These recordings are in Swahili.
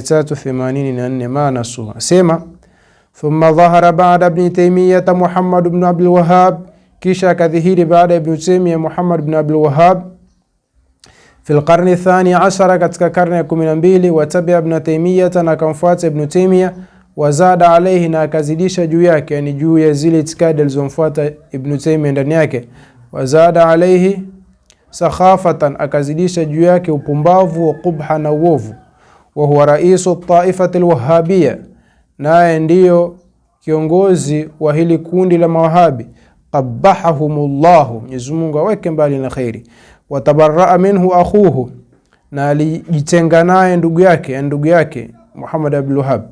384 ma nasu asema, thumma dhahara baada ibn Taymiyah Muhammad ibn Abdul Wahhab, kisha akadhihiri baada Ibn Taymiyah Muhammad ibn Abdul Wahhab fi lqarni thani ashara, katika karne ya 12. Watabia ibn Taymiyah, na akamfuata Ibn Taymiyah wazada alayhi, na akazidisha juu yake, yani juu ya zile itikadi alizomfuata Ibn Taymiyah ndani yake. Wazada alayhi sakhafatan, akazidisha juu yake upumbavu wa qubha na uovu wa huwa raisu taifati lwahabia, naye ndiyo kiongozi wa hili kundi la mawahabi. Qabahahumullahu, Mwenyezi Mungu aweke mbali na kheri. Watabaraa minhu akhuhu, na alijitenga naye ndugu yake, yaani ndugu yake Muhammad Abdul Wahhab.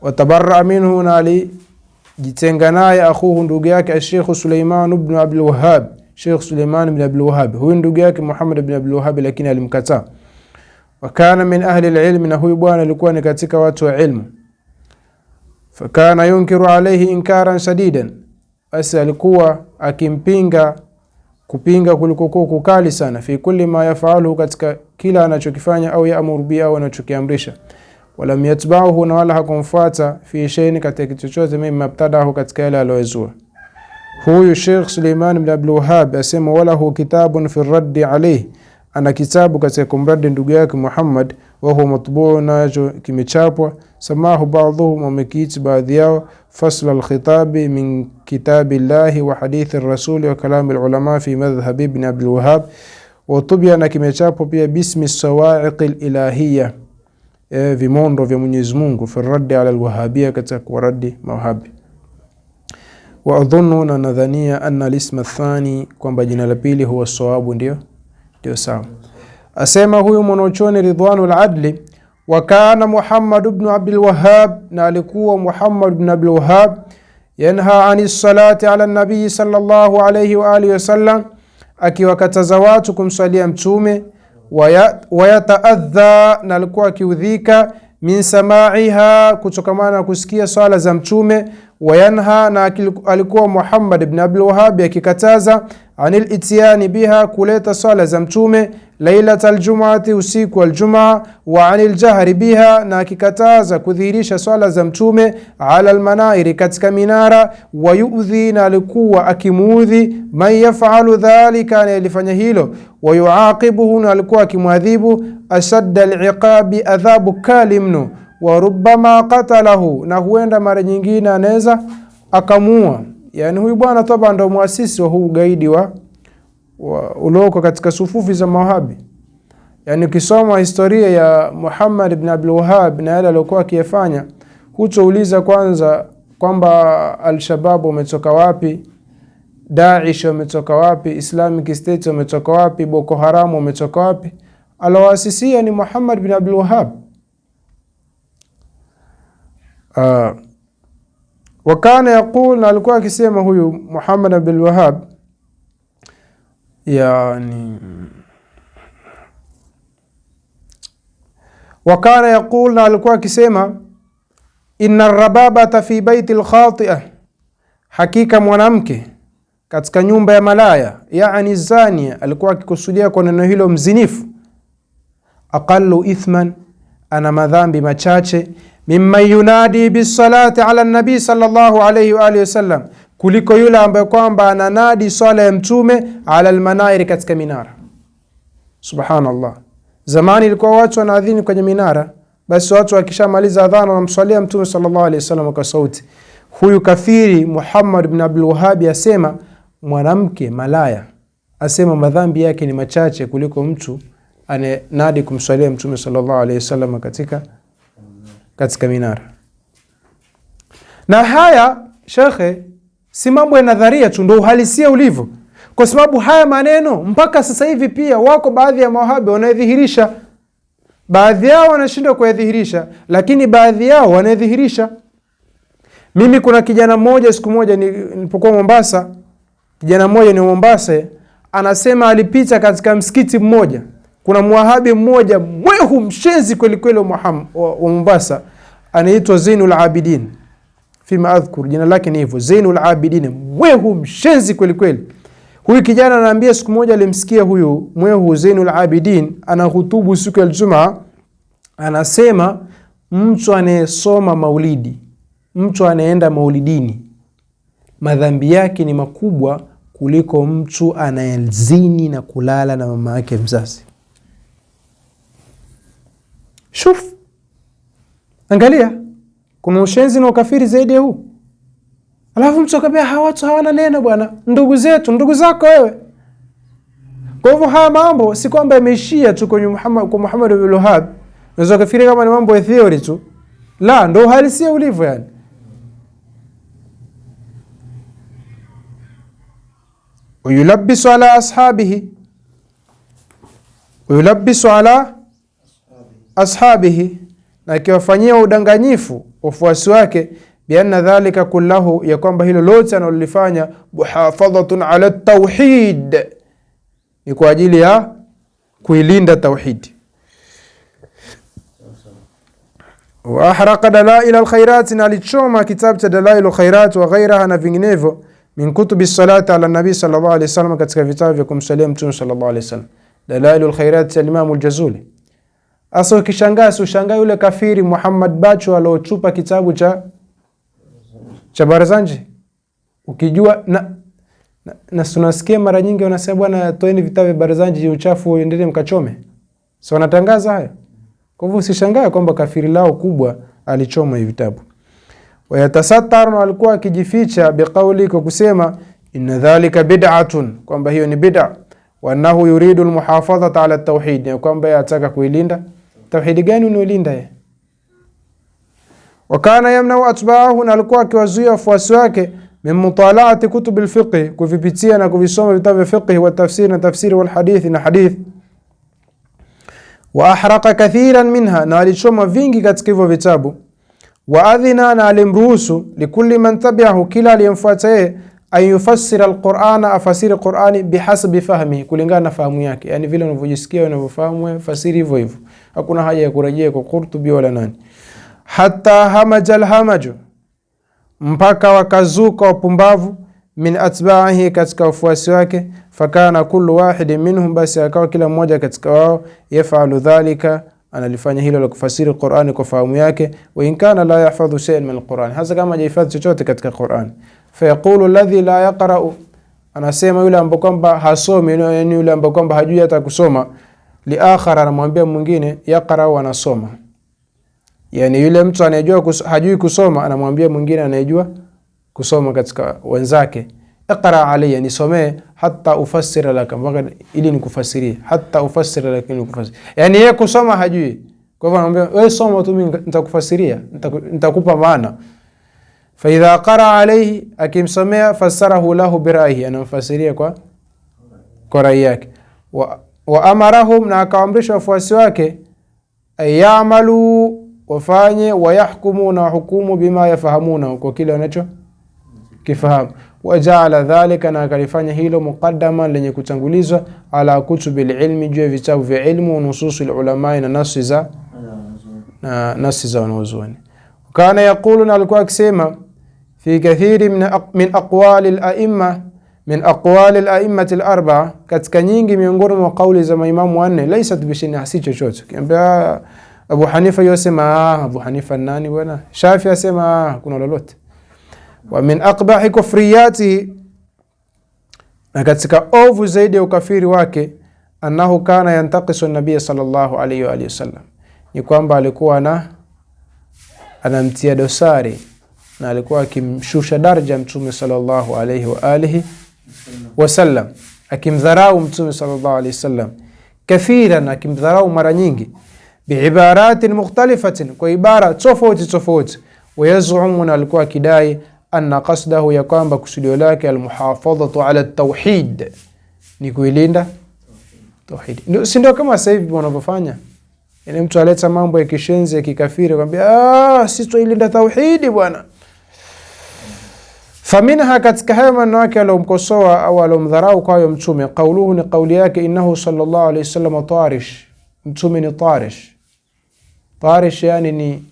Watabaraa minhu, na alijitenga naye akhuhu, ndugu yake Ashekhu Suleiman bnu Abdul Wahhab, Sheikh Suleiman bn Abdul Wahhab. Huyu ndugu yake Muhammad bn Abdul Wahhab, lakini alimkataa wakana min ahli lilmi, na huyu bwana alikuwa ni katika watu wa ilmu. Fakana yunkiru alaihi inkaran shadidan, basi alikuwa akimpinga kupinga kulikokuwa kukali sana. Fi kulli ma yafaluhu, katika kila anachokifanya, au yaamuru bihi, au anachokiamrisha. Walam yatbauhu, na wala hakumfuata. Fi shay'in, katika kitu chochote. Mimma ibtadahu, katika yale aliyozua. Huyu Sheikh Suleiman bin Abdul Wahhab asema, wala hu kitabun fi raddi alayhi ana kitabu katika kumradi ndugu yake Muhammad, wahuwa matbuu, nacho kimechapwa. Samahu baadhuhum, wamekiiti baadhi yao, fasla alkhitabi min kitabi llahi wa hadithi rasuli wa kalami lulama fi madhhabi ibn Abdulwahab. Watubia, na kimechapwa pia bismi sawaiqi lilahiya, e, vimondo vya Mwenyezi Mungu, fi raddi ala lwahabia, katika kuwaradi mawahabi wa adhunnu, na nadhania anna lisma thani, kwamba jina la pili huwa sawabu, ndio ndio sawa. Asema huyu mwanachuoni ridwanu ladli wa kana Muhammad bnu Abdul Wahhab, na alikuwa Muhammad ibn Abdul Wahhab yanha ani salati ala nabii sallallahu alayhi wa alihi wasallam, akiwakataza watu kumswalia Mtume. Wayataadha, na alikuwa akiudhika min samaiha, kutokamana na kusikia swala za Mtume wayanha na alikuwa Muhammad ibn Abdul Wahhab akikataza anil ityani biha, kuleta swala za mtume lailat aljumaati, usiku wa aljumaa, wa anil jahri biha, na akikataza kudhihirisha swala za mtume ala almanairi, katika minara, wa yuudhi, na alikuwa akimuudhi man yafalu dhalika, anayelifanya hilo, wa yuaqibuhu, na alikuwa akimwadhibu ashadda aliqabi, adhabu kali mno wa rubbama qatalahu, na huenda mara nyingine anaweza akamua. Yani huyu bwana toba ndo muasisi wa huu ugaidi wa, wa uloko katika sufufi za Mawahabi. Yani ukisoma historia ya Muhammad ibn Abdul Wahhab na yale aliyokuwa akiyafanya, hutouliza kwanza kwamba Alshabab shabab wametoka wapi, Daesh wametoka wapi, Islamic State wametoka wapi, Boko Haram wametoka wapi. Alowasisia ni Muhammad bin Abdul Wahhab. Uh, ah, wakana yaqul, na alikuwa akisema huyu Muhammad Abdul Wahhab, yani wakana yaqul, na alikuwa akisema inna rababata fi baiti lkhatia, hakika mwanamke katika nyumba ya malaya, yani zania. Alikuwa akikusudia kwa neno hilo mzinifu, aqallu ithman, ana madhambi machache mimman yunadi bisalati ala nabii sallallahu alayhi wa alihi wasallam, kuliko yule ambaye kwamba ananadi swala ya mtume ala almanairi, katika minara. Subhanallah, zamani ilikuwa watu wanaadhini kwenye minara, basi watu wakishamaliza adhana wanamswalia mtume sallallahu alayhi wasallam kwa sauti. Huyu kafiri Muhammad bin Abdul Wahabi asema mwanamke malaya asema madhambi yake ni machache kuliko mtu anenadi kumswalia mtume sallallahu alayhi wasallam katika katika minara. Na haya shekhe, si mambo ya nadharia tu, ndo uhalisia ulivyo, kwa sababu haya maneno mpaka sasa hivi pia wako baadhi ya mawahabi wanaedhihirisha baadhi yao wanashindwa kuyadhihirisha, lakini baadhi yao wanaedhihirisha Mimi kuna kijana mmoja siku moja nilipokuwa Mombasa, kijana mmoja ni Mombasa, anasema alipita katika msikiti mmoja kuna mwahabi mmoja mwehu mshenzi kwelikweli wa Mombasa, anaitwa Zainul Abidin fima adhkur, jina lake ni hivyo Zainul Abidin, mwehu mshenzi kwelikweli. Huyu kijana anaambia, siku moja alimsikia huyu mwehu Zainul Abidin anahutubu siku ya Ijumaa, anasema mtu anayesoma maulidi, mtu anayeenda maulidini, madhambi yake ni makubwa kuliko mtu anayezini na kulala na mama yake mzazi. Shuf, angalia, kuna ushenzi na ukafiri zaidi ya huu. Alafu mtu akaambia hawa watu hawana neno bwana, ndugu zetu, ndugu zako wewe. Kwa hivyo haya mambo si kwamba yameishia tu kwenye Muhammad, kwa Muhammad bin Wahhab unaweza kufikiri kama ni mambo ya theory tu, la ndio uhalisia ulivyo yani. Uyulabisu ala ashabihi, uyulabisu ala ashabihi, na akiwafanyia udanganyifu wafuasi wake, bianna dhalika kullahu, ya kwamba hilo lote analolifanya, muhafadhatun ala tauhid, ni kwa ajili ya kuilinda tauhidi. wa ahraqa dalail alkhairat, na alichoma kitabu cha dalail alkhairat wa ghairaha, na vinginevyo min kutubi salati ala nabi sallallahu alayhi wasallam, katika vitabu vya kumsalia mtume sallallahu alayhi wasallam. Dalail alkhairat ya Imam al Asa ukishangaa, si ushangae yule kafiri Muhammad Bacho aliochupa kitabu cha cha Barzanji, ukijua na, na, na tunasikia mara nyingi wanasema bwana, toeni vitabu vya Barzanji, uchafu endelee mkachome, si wanatangaza hayo. Kwa hivyo usishangae kwamba kafiri lao kubwa alichoma hivi vitabu. Wayatasattaru, alikuwa akijificha biqauli, kwa kusema inna dhalika bid'atun, kwamba hiyo ni bid'a, wa annahu yuridu almuhafadhata ala tawhid, kwamba yataka kuilinda Tauhidi gani unaolinda yeye? Wakana yamnau atbaahu, na alikuwa akiwazuia wafuasi wake min mutalaati kutubi lfiqhi, kuvipitia na kuvisoma vitabu vya fiqhi, wa tafsiri na tafsiri, walhadithi na hadithi. Wa ahraqa kathiran minha, na alichoma vingi katika hivyo vitabu. Wa adhina, na alimruhusu likulli man tabiahu, kila aliyemfuata yeye an yufassira alqurana, afasiri Qurani bihasabi fahmihi, kulingana na fahamu yake, yani vile unavyojisikia unavyofahamu, fasiri hivyo hivyo hakuna haja ya kurejea kwa Qurtubi wala nani. Hatta hamaja alhamaju, mpaka wakazuka wapumbavu. Min atbaihi, katika wafuasi wake. Fakana kullu wahidin minhum, basi akawa kila mmoja katika wao yafalu dhalika analifanya hilo la kufasiri Qur'ani kwa fahamu yake, wa in kana la yahfadhu shay'an min al hasa kama hajahifadhi chochote katika Qur'an. Fayaqulu alladhi la yaqra'u, anasema yule ambaye kwamba hasomi, yani yule ambaye kwamba hajui hata kusoma liakhara, anamwambia mwingine yaqrau, anasoma. Yani yule mtu anayejua kus, hajui kusoma anamwambia mwingine anayejua kusoma katika wenzake, iqra alayya, nisomee. hatta ufassira laka, mpaka ili nikufasirie. hatta ufassira laka, ili nikufasirie. Yani yeye kusoma hajui, kwa hivyo anamwambia wewe soma tu, mimi nitakufasiria, nitakupa maana. Fa idha qara alayhi, akimsomea, fasarahu lahu bi bira'ihi, anamfasiria kwa kwa rai yake wa wa amarahum, na akawaamrisha wafuasi wake ayamalu, wafanye wayahkumu, na wahukumu bima yafahamuna, kwa kile wanacho kifahamu. Wajaala dhalika, na akalifanya hilo muqadama, lenye kutangulizwa ala kutubi lilmi, juu ya vitabu vya ilmu, nususu nususi lulamai, na nasi za na nasi za wanazuoni. Kana yaqulu, na alikuwa akisema fi kathiri min aqwali laima min aqwali laimati larbaa, katika nyingi miongoni mwa kauli za maimamu wanne. Laisat bishini, ah, si chochote. Kiambia ah, Abu Hanifa yosema ah, Abu Hanifa nani bwana? Shafi asema kuna lolote. Wa min aqbahi kufriyati, na katika ovu zaidi ya ukafiri wake, annahu kana yantakisu nabiya sallallahu alayhi wa alihi wasallam, ni kwamba alikuwa na anamtia dosari na alikuwa akimshusha daraja Mtume sallallahu alayhi wa alihi wasallam, akimdharau Mtume sallallahu alaihi wasallam, kathiran, akimdharau mara nyingi, biibaratin mukhtalifatin, kwa ibara tofauti tofauti, wayazumu, na alikuwa akidai anna qasdahu, ya kwamba kusudio lake almuhafadhatu ala tawhid, ni kuilinda tauhid. Si ndio kama sasa hivi wanavyofanya? Yaani mtu aleta mambo ya kishenzi ya kikafiri, akwambia ah, sisi tuilinda tauhidi bwana Faminha, katika hayo maneno yake aliomkosoa au aliomdharau kwayo Mtume, qauluhu, ni qauli yake, innahu sallallahu alayhi wasallam tarish, Mtume ni tarish. Tarish yani ni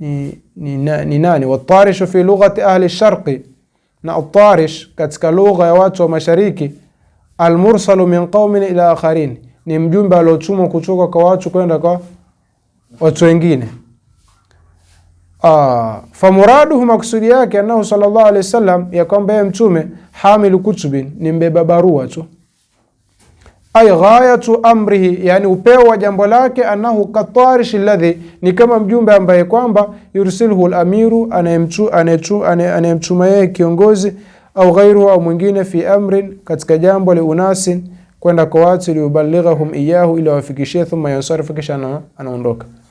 ni, ni, na, ni nani? Watarishu fi lughati ahli sharqi, na tarish katika lugha ya watu wa mashariki. Almursalu min qaumin ila akharin, ni mjumbe aliotumwa kutoka kwa watu kwenda kwa watu wengine. Ah, famuraduhu maksudi yake annahu sallallahu alayhi wasallam, ya kwamba yeye mtume hamilu kutubin ni mbeba barua tu. Ay ghayatu amrihi, yani upeo wa jambo lake, annahu katarish alladhi, ni kama mjumbe ambaye kwamba yursilhu al-amiru, anayemtuma yeye kiongozi, au ghairuhu, au mwingine, fi amrin, katika jambo, li liunasin, kwenda kwa watu, liubalighahum iyahu, ili awafikishie, thumma yansarifu, kisha anaondoka. ana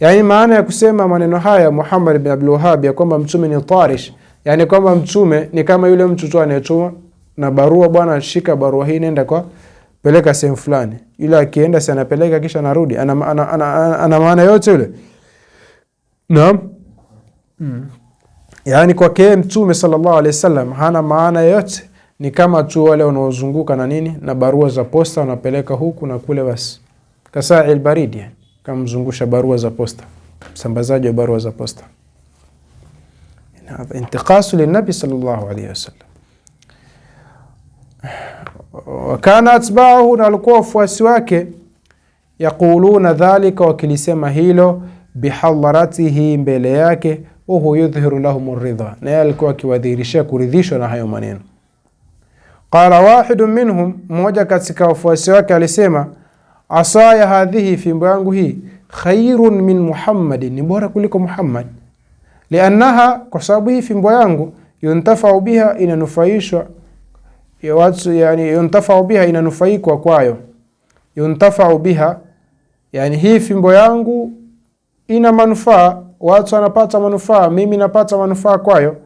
Yani maana ya kusema maneno haya Muhammad bin Abdul Wahhab ya kwamba mtume ni tarish, yani kwamba mtume ni kama yule mtu tu anayetuma na barua, bwana shika barua hii, nenda kwa peleka sehemu fulani, yule akienda si anapeleka kisha anarudi. Ana, ana, ana, ana, ana maana yote yule. na Mm. Yani kwake mtume sallallahu alaihi wasallam hana maana yote, ni kama tu wale wanaozunguka na nini na barua za posta wanapeleka huku na kule, basi kasaa ilbaridi yani kamzungusha barua za posta, msambazaji wa barua za posta. Intiqasu linabi sallallahu alayhi wasallam. Wakana atbauhu na walikuwa wafuasi wake, yaquluna dhalika, wakilisema hilo, bihadharatihi, mbele yake, wahu yudhhiru lahum ridha, naye alikuwa akiwadhihirishia kuridhishwa na hayo maneno. Qala wahidu minhum, mmoja katika wafuasi wake alisema asaya hadhihi, fimbo yangu hii, khairun min Muhammadin, ni bora kuliko Muhammad. Liannaha, kwa sababu hii fimbo yangu, yuntafau biha, inanufaishwa ya watu, yani yuntafau biha, inanufaikwa kwayo. Yuntafau biha, yani hii fimbo yangu ina manufaa, watu wanapata manufaa, mimi napata manufaa kwayo.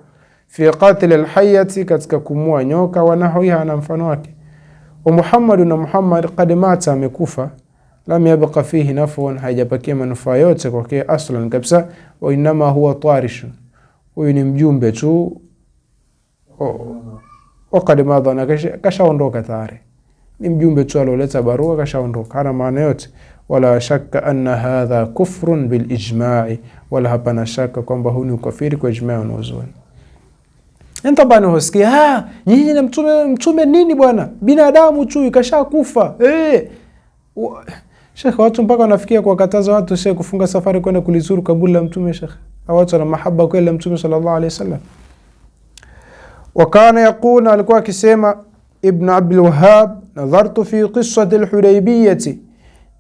Fi qatli lhayati katika kumua nyoka, wanahwiha, na mfano wake wa Muhammadu na Muhammad kad mata amekufa, lam yabqa fihi nafun, haijapakia manufaa yote kwake aslan kabisa. Wa innama huwa tarish, huyu ni mjumbe tu wakad madha na kashaondoka tayari, ni mjumbe tu alioleta barua, kashaondoka, hana maana yote. Wala shakka anna hadha kufrun bilijmai, wala hapana shaka kwamba huu ni ukafiri kwa ijmai wanazuoni Ntabani hosikia ah, nyinyi na mtume mtume nini bwana? Binadamu tu kashakufa. Eh. Shekhe, watu mpaka wanafikia kuwakataza watu shekhe kufunga safari kwenda kulizuru kaburi la mtume shekhe, sheikh. Watu wana mahaba kweli la mtume sallallahu alaihi wasallam. Wakana yakuna, alikuwa akisema Ibn Abdul Wahhab, nadhartu fi qissati al-Hudaybiyati,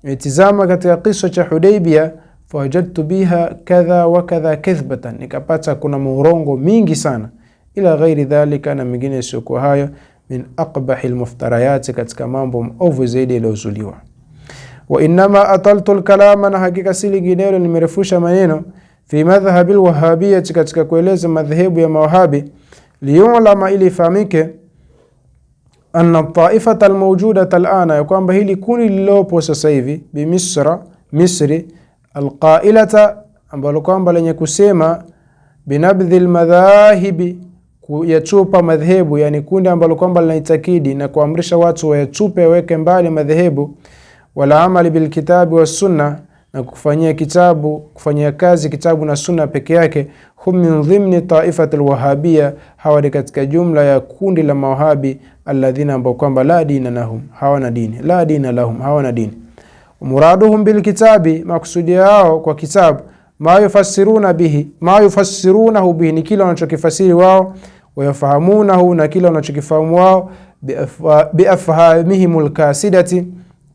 nimetizama katika kisa cha Hudaybia, fawajadtu biha kadha wa kadha kadhbatan, nikapata kuna maurongo mingi sana ila ghairi dhalika, na mengine isiyokuwa hayo, min aqbahi lmuftarayati, katika mambo maovu zaidi yaliyozuliwa. Wa innama ataltu lkalama, na hakika si linginelo nimerefusha maneno, fi madhhabi lwahabiyati, katika kueleza madhehebu ya mawahabi, liyulama, ili ifahamike anna taifata almawjudata alana, ya kwamba hili kundi lililopo sasa hivi bimisra Misri, alqailata ambalo kwamba lenye kusema binabdhi lmadhahibi kuyachupa madhehebu, yani kundi ambalo kwamba linaitakidi na kuamrisha watu wayachupe, waweke mbali madhehebu, wala amali bil bilkitabi sunna, na kufanyia kitabu, kufanyia kazi kitabu na sunna peke yake. Hum min dhimni taifati alwahabia, hawa ni katika jumla ya kundi la mawahabi alladhina, ambao kwamba la dina lahum, hawana dini, la dina lahum, hawana dini. Muraduhum bil kitabi, maksudi yao kwa kitabu, ma yufassirunahu bihi, ni kile wanachokifasiri wao wayafahamunahu, na kila wanachokifahamu wao, biafhamihim lkasidati,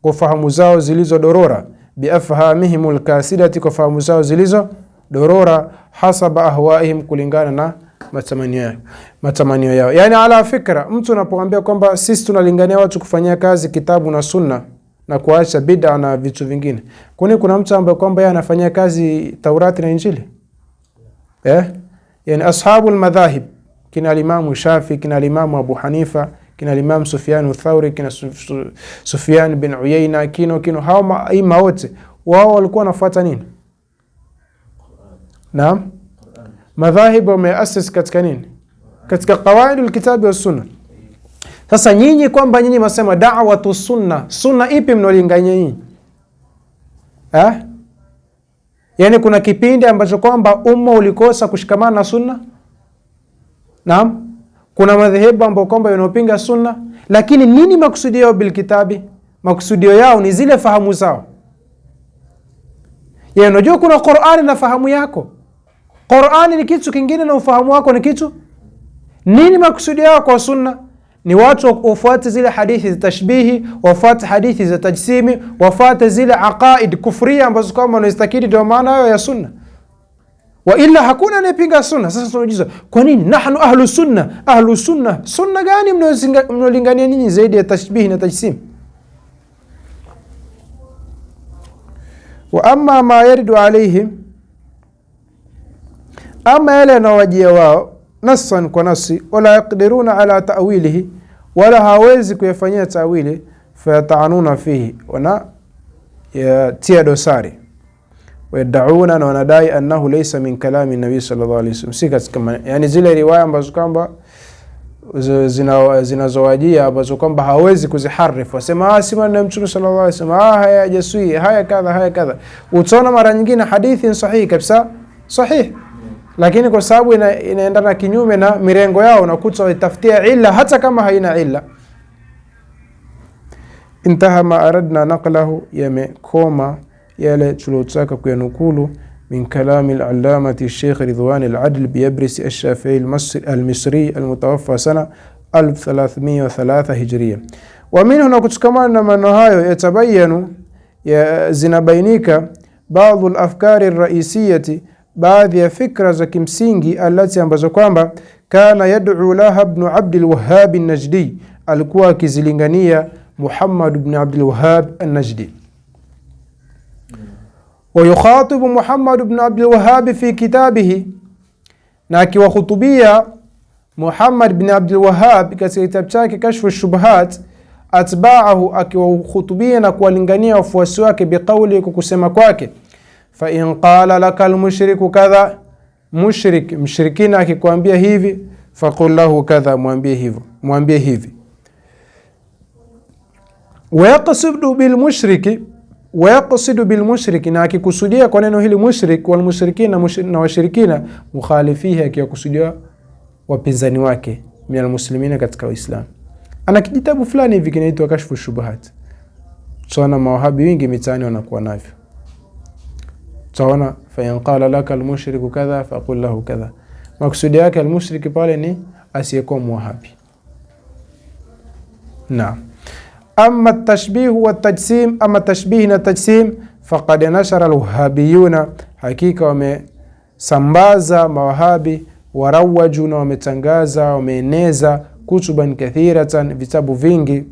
kwa fahamu zao zilizo dorora, biafhamihim lkasidati, kwa fahamu zao zilizo dorora, hasaba ahwaihim, kulingana na matamanio yao, matamanio yao. Yani ala fikra, mtu anapoambia kwamba sisi tunalingania watu kufanyia kazi kitabu na sunna na kuacha bid'a na vitu vingine. Kwani kuna mtu ambaye kwamba yeye anafanyia kazi Taurati na Injili? Eh? Yani ashabul madhahib kina limamu Shafi, kina limamu Abu Hanifa, kina Alimamu Sufyanu Thauri, kina Sufyan bin Uyaina, kino kino, hao maima wote wao walikuwa wanafuata nini? Naam, madhahibu wameasisi katika nini? Katika qawaidul kitabi wa sunna. Sasa nyinyi kwamba nyinyi masema da'watu sunna, sunna ipi mnaolingania nyinyi eh? Yaani kuna kipindi ambacho kwamba umma ulikosa kushikamana na sunna Naam, kuna madhehebu ambayo kwamba yanopinga sunna, lakini nini makusudio yao bilkitabi? Makusudio yao ni zile fahamu zao. Ya, yaani unajua kuna Qur'ani na fahamu yako. Qur'ani ni kitu kingine na ufahamu wako ni kitu nini. Makusudio yao kwa sunna ni watu wafuate zile hadithi za tashbihi, wafuate hadithi za tajsimi, wafuate zile aqaid kufuria ambazo kwamba wanaistakidi, ndio maana hayo ya sunna waila hakuna anayepinga sunna. Sasa tunajiuliza kwa nini? Nahnu ahlu sunna. Ahlu sunna, sunna gani mnaolingania ninyi zaidi ya tashbihi na tajsim? Wa amma ma yaridu alaihim, ama yale yanaowajia wao, nasan kwa nasi, wala yaqdiruna ala tawilihi, wala hawezi kuyafanyia tawili, fayatanuna fihi, wana tia dosari wayadauna na wanadai annahu laysa min kalami nabi sallallahu alaihi wasallam, si katika yani zile riwaya ambazo kwamba zinazowajia ambazo kwamba hawezi kuziharif, wasema ah, si maneno ya Mtume sallallahu alaihi wasallam, ah, haya jasui haya kadha haya kadha. Utaona mara nyingine hadithi ni sahihi kabisa sahihi, lakini kwa sababu ina, inaendana kinyume na mirengo yao, unakuta waitafutia illa hata kama haina illa. Intaha ma aradna naqlahu, yamekoma yale tuliotaka kuyanukulu min kalami al-allamati Sheikh Ridwan al-Adl Biyabrisi al-Shafii al-Misri al-mutawaffa sana 1303 Hijria. Wa minhu, na kutukamana na maneno hayo, yatabayanu ya zinabainika baadhi al-afkari ar-raisiyati, baadhi ya fikra za kimsingi alati ambazo kwamba kana yad'u laha Ibn Abd al-Wahhab an-Najdi, alikuwa akizilingania Muhammad ibn Abd al-Wahhab an-Najdi Wayukhatibu muhammadu bnu Abdilwahabi fi kitabihi, na akiwahutubia Muhammad bin Abdilwahab katika kitabu chake Kashfu Shubuhat, atbaahu, akiwahutubia na kuwalingania wafuasi wake, biqauli, kwa kusema kwake, fa in qala laka lmushriku kadha, mushrik mshirikina akikwambia hivi, faqul lahu kadha, mwambie hivyo, mwambie hivi. Wayaqsidu bilmushriki wa yaqsidu bil mushrik, na akikusudia kwa neno hili mushrik, wal mushrikina, na washirikina, mukhalifihi, akiwakusudia wapinzani wake, minal muslimina, katika Uislamu. Ana kijitabu fulani hivi kinaitwa Kashfu Shubuhat. Tutaona mawahabi wengi mitaani wanakuwa navyo, tutaona fayanqala laka almushriku kadha faqul lahu kadha. Maksudi yake almushriki pale ni asiyekuwa muwahabi. Naam ama tashbihu tajsim, ama tashbihi na tajsim, faqad nashara alwahabiyuna, hakika wamesambaza mawahabi, warawaju, na wametangaza wameeneza, kutuban kathiratan, vitabu vingi,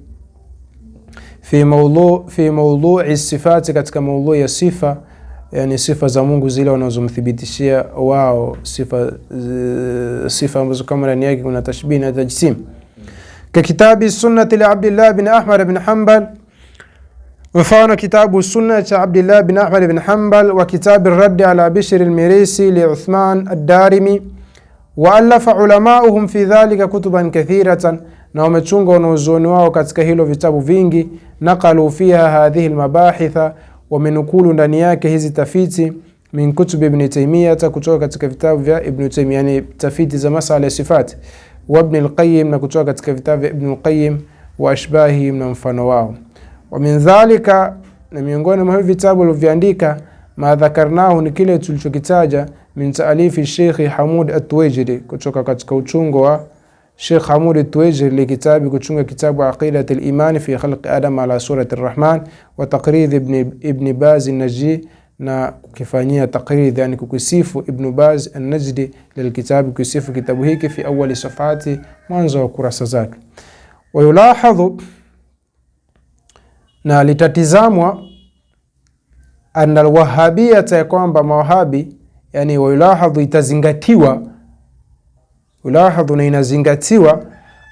fi maudhui fi maudhui sifati, katika maudhui ya sifa Yani sifa za Mungu zile wanazomthibitishia wao sifa, sifa ambazo kama ndani yake kuna tashbihi na tajsim. ككتاب سنة لعبد الله بن أحمد بن حنبل mfano kitabu sunna cha Abdillah bin Ahmad bin Hanbal wa kitabu raddi ala Bishr al-Mirisi li Uthman ad-Darimi wa alafa ulamauhum fi dhalika kutuban kathiratan, na wamechunga wanazuoni wao katika hilo vitabu vingi. Naqalu fiha hadhihi al-mabahitha, wamenukulu ndani yake hizi tafiti min kutubi Ibn Taymiyyah, kutoka katika vitabu vya Ibn Taymiyyah, yani tafiti za masala ya sifati وابن القيم نكتوك تكفتاف ابن القيم وأشباهه من مفنواه ومن ذلك نميونغون مهم في تابو لفي ما ذكرناه نكيلة تلشو كتاجة من تأليف الشيخ حمود التويجري كتوك كتكوتشونغوا الشيخ حمود التويجري لكتاب كتشونغ كتاب عقيدة الإيمان في خلق آدم على سورة الرحمن وتقريض ابن ابن باز النجي na kukifanyia takrir, yani kukisifu Ibn Baz an-Najdi lilkitabu, kukisifu kitabu hiki fi awali safati, mwanzo wa kurasa zake. Wayulahadhu, na litatizamwa anna ya kwamba mawahabi yani wayulahadhu, itazingatiwa yulahadhu na inazingatiwa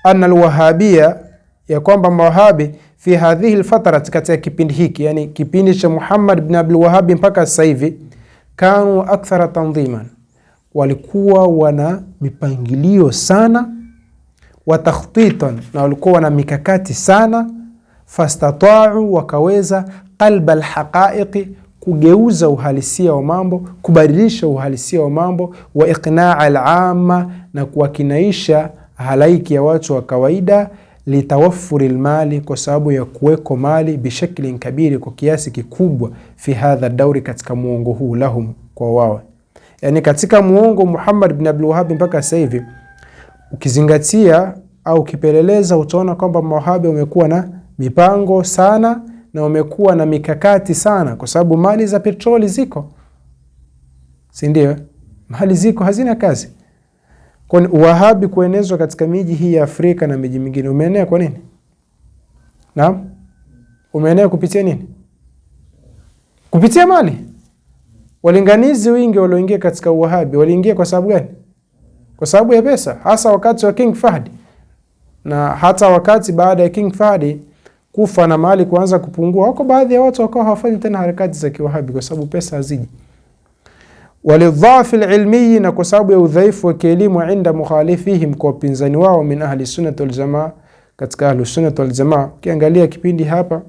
anna ya kwamba mawahabi fi hadhihi lfatrat katika kipindi hiki, yani kipindi cha Muhammad bin Abdul Wahhab mpaka sasa hivi, kanu akthara tanziman, walikuwa wana mipangilio sana, wa takhtitan, na walikuwa wana mikakati sana, fastatau, wakaweza qalba lhaqaiqi kugeuza uhalisia wa mambo, kubadilisha uhalisia wa mambo, wa iqnaa alama, na kuwakinaisha halaiki ya watu wa kawaida litawafuri lmali, kwa sababu ya kuweko mali, bishaklin kabiri, kwa kiasi kikubwa, fi hadha dauri, katika muongo huu, lahum, kwa wao. Yani katika muongo Muhammad bin Abdul Wahhab mpaka sasa hivi ukizingatia au ukipeleleza utaona kwamba mawahabi wamekuwa na mipango sana na wamekuwa na mikakati sana, kwa sababu mali za petroli ziko, si ndio? Mali ziko hazina kazi Kwani uwahabi kuenezwa katika miji hii ya Afrika na miji mingine umeenea kwa nini? Naam, umeenea kupitia nini? Kupitia mali. Walinganizi wingi walioingia katika uwahabi waliingia kwa sababu gani? Kwa sababu ya pesa, hasa wakati wa King Fahd na hata wakati baada ya King Fahd kufa na mali kuanza kupungua, wako baadhi ya watu wakawa hawafanyi tena harakati za kiwahabi kwa sababu pesa haziji walidhafi lilmiyi, na kwa sababu ya udhaifu wa kielimu, inda mukhalifihim, kwa wapinzani wao, min ahli sunnati waljamaa, katika ahlusunnati waljamaa. Ukiangalia kipindi hapa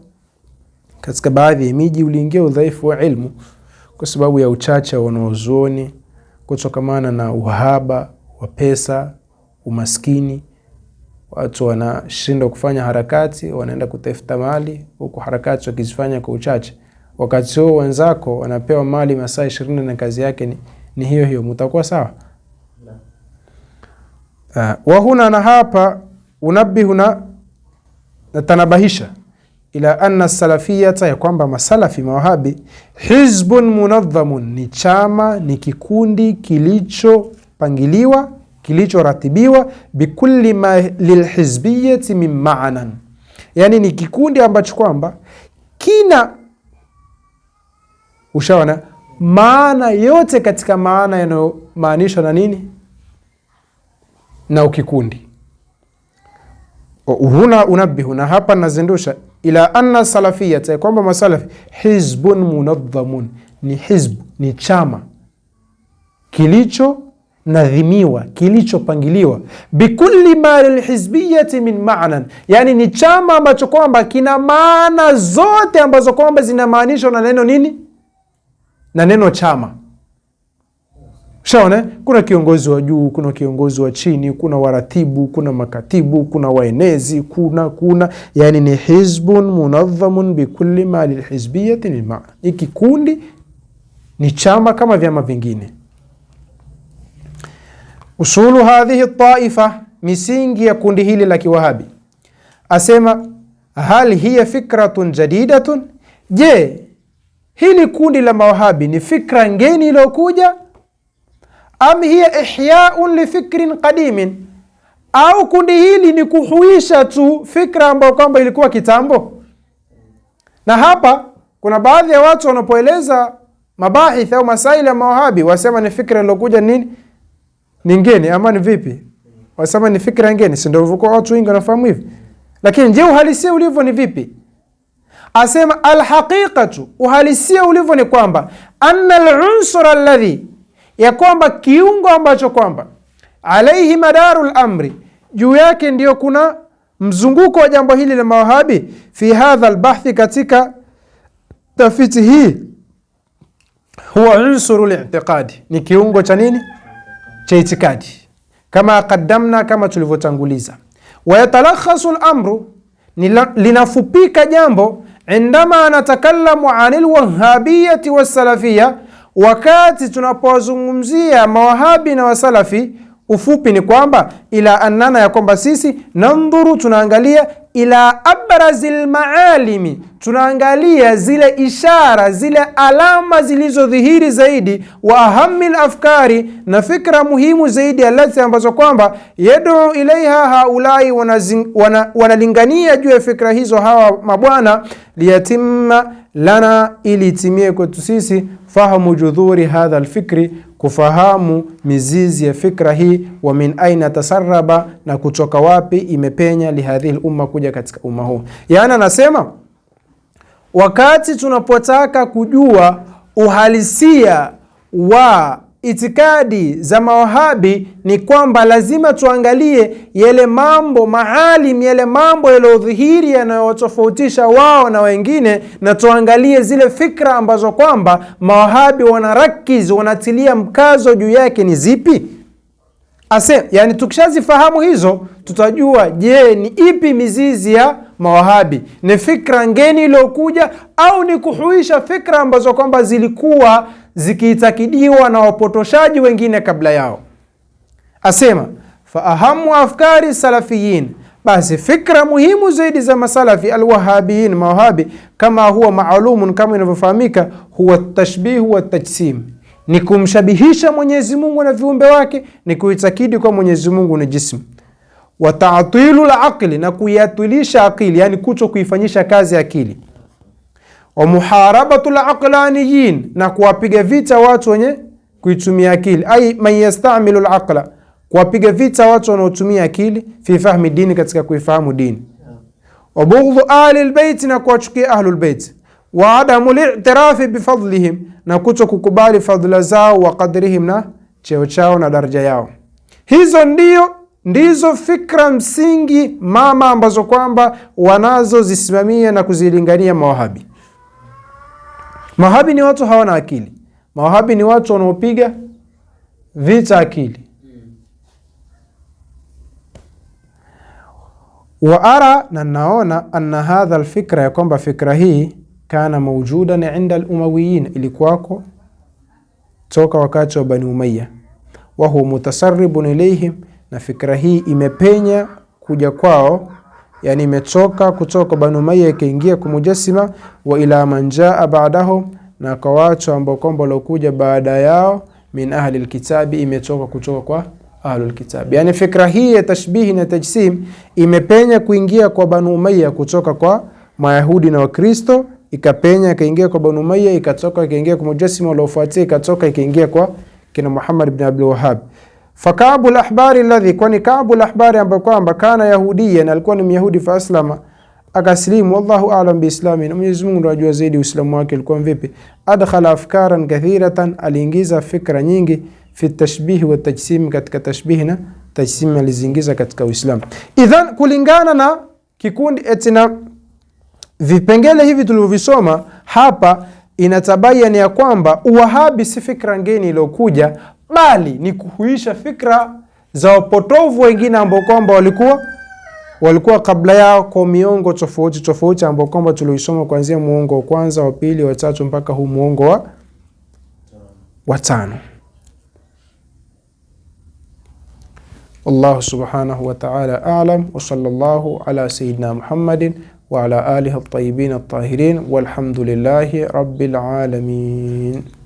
katika baadhi ya miji uliingia udhaifu wa ilmu kwa sababu ya uchache wa wanaozuoni, kutokamana na uhaba wa pesa, umaskini. Watu wanashindwa kufanya harakati, wanaenda kutafuta mali, huku harakati wakizifanya kwa uchache wakati huo wenzako wanapewa mali masaa ishirini na kazi yake ni, ni hiyo hiyo, mutakuwa sawa? Uh, ah, wahuna na hapa na natanabahisha ila anna salafiyata, ya kwamba masalafi mawahabi, hizbun munadhamun, ni chama ni kikundi kilichopangiliwa kilichoratibiwa, bikulli ma lilhizbiyati min maanan, yani ni kikundi ambacho kwamba kina Ushaona maana yote katika maana yanayomaanishwa na nini na ukikundi. Huna unabihu na hapa nazindusha ila anna salafiyata, kwamba masalafi hizbun munadhamun, ni hizbu ni chama kilicho nadhimiwa kilichopangiliwa, bikulli ma lilhizbiyati min maanan, yani ni chama ambacho kwamba kina maana zote ambazo kwamba zinamaanishwa na neno nini na neno chama. Shaona, kuna kiongozi wa juu, kuna kiongozi wa chini, kuna waratibu, kuna makatibu, kuna waenezi, kuna kuna yani ni hizbun munadhamun bikulli ma lilhizbiyati min maana. Ni kikundi, ni chama kama vyama vingine. Usulu hadhihi taifa, misingi ya kundi hili la Kiwahabi. Asema hal hiya fikratun jadidatun, je hili kundi la mawahabi ni fikra ngeni iliyokuja, am hiya ihyaun lifikrin qadimin, au kundi hili ni kuhuisha tu fikra ambayo kwamba ilikuwa kitambo. Na hapa kuna baadhi ya watu wanapoeleza mabahith au masaili ya mawahabi wasema ni fikra iliyokuja nini, ni ngeni ama ni vipi? Wasema ni fikra ngeni, si ndio? Watu wengi wanafahamu hivi, lakini je, uhalisia ulivyo ni vipi? asema alhaqiqatu, uhalisia ulivyo ni kwamba anna alunsura alladhi, ya kwamba kiungo ambacho kwamba alaihi madaru lamri, juu yake ndiyo kuna mzunguko wa jambo hili la mawahabi fi hadha lbahthi, katika tafiti hii, huwa unsuru litiqadi, ni kiungo cha nini? Cha itikadi, kama qaddamna, kama tulivyotanguliza. Wayatalakhasu lamru, linafupika jambo indama natakallamu anil wahabiyati wasalafia, wakati tunapowazungumzia mawahabi na wasalafi, ufupi ni kwamba ila annana, ya kwamba sisi nandhuru, tunaangalia ila abrazil maalimi, tunaangalia zile ishara zile alama zilizodhihiri zaidi, wa ahami lafkari na fikra muhimu zaidi, alati ambazo kwamba yadu ilaiha haulai, wanalingania wana juu ya fikra hizo hawa mabwana, liyatima lana, ili itimie kwetu sisi fahamu judhuri hadha alfikri kufahamu mizizi ya fikra hii, wa min aina tasaraba, na kutoka wapi imepenya lihadhihi lumma, kuja katika umma huu. Yaani anasema wakati tunapotaka kujua uhalisia wa itikadi za mawahabi ni kwamba lazima tuangalie yale mambo maalim, yale mambo yaliyodhihiri yanayotofautisha wao na wengine, na tuangalie zile fikra ambazo kwamba mawahabi wanarakiz, wanatilia mkazo juu yake ni zipi ase. Yani, tukishazifahamu hizo tutajua, je, ni ipi mizizi ya mawahabi ni fikra ngeni iliyokuja au ni kuhuisha fikra ambazo kwamba zilikuwa zikiitakidiwa na wapotoshaji wengine kabla yao. Asema fa ahamu afkari salafiyin, basi fikra muhimu zaidi za masalafi alwahabiin mawahabi, kama huwa maalumun, kama inavyofahamika, huwa tashbihu wa tajsim ni kumshabihisha Mwenyezi Mungu na viumbe wake, ni kuitakidi kwa Mwenyezi Mungu ni jismu wa ta'tilu al na kuyatilisha akili, yani kuto kuifanyisha kazi akili, wa muharabatu al na kuwapiga vita watu wenye kuitumia akili, ai man yastamilu al kuwapiga vita watu wanaotumia akili, fi fahmi dini, katika kuifahamu dini, wa bughdhu ahli al na kuwachukia ahlul bait wa adamu litirafi bifadlihim, na kuto kukubali fadhila zao, wa qadrihim, na cheo chao na daraja yao. Hizo ndio ndizo fikra msingi mama ambazo kwamba wanazozisimamia na kuzilingania mawahabi. Mawahabi ni watu hawana akili. Mawahabi ni watu wanaopiga vita akili. Wa ara, na naona anna hadha alfikra, ya kwamba fikra hii kana maujudan inda alumawiyin, ilikuwako toka wakati wa Bani Umayya, wahuwa mutasaribun ilaihim na fikra hii imepenya kuja kwao, yani imetoka kutoka Banu Umayya ikaingia kwa Mujassima, wa ila manjaa baadaho, na kwa watu ambao kwamba waliokuja baada yao min ahli lkitabi, imetoka kutoka kwa ahlul kitabi. Yani fikra hii ya tashbihi na tajsim imepenya kuingia kwa Banu Umayya kutoka kwa Mayahudi na Wakristo, ikapenya ikaingia kwa Banu Umayya, ikatoka ikaingia kwa Mujassima waliofuatia, ikatoka ikaingia kwa kina Muhammad ibn Abdul Wahhab. Fakabul ahbari alladhi, kwani kabul ahbari ambaye kwamba kana yahudiyan, alikuwa ni Myahudi, faaslama akasilimu. Wallahu alam biislami, na Mwenyezi Mungu ndo ajua zaidi uislamu wake ulikuwa mvipi. Adkhala afkaran kathiratan, aliingiza fikra nyingi fi tashbihi wa tajsimi, katika tashbihi na tajsimi aliziingiza katika Uislamu. Idhan, kulingana na kikundi etina vipengele hivi tulivyovisoma hapa, inatabayani ya kwamba uwahabi si fikra ngeni iliyokuja bali ni kuhuisha fikra za wapotovu wengine ambao kwamba walikuwa walikuwa kabla yao kwa miongo tofauti tofauti, ambao kwamba tulioisoma kuanzia muongo wa kwanza, wa pili, wa tatu mpaka huu muongo wa tano Wallahu subhanahu wa ta'ala a'lam wa sallallahu ala sayyidina Muhammadin wa ala alihi at-tayyibin at-tahirin walhamdulillahi rabbil alamin.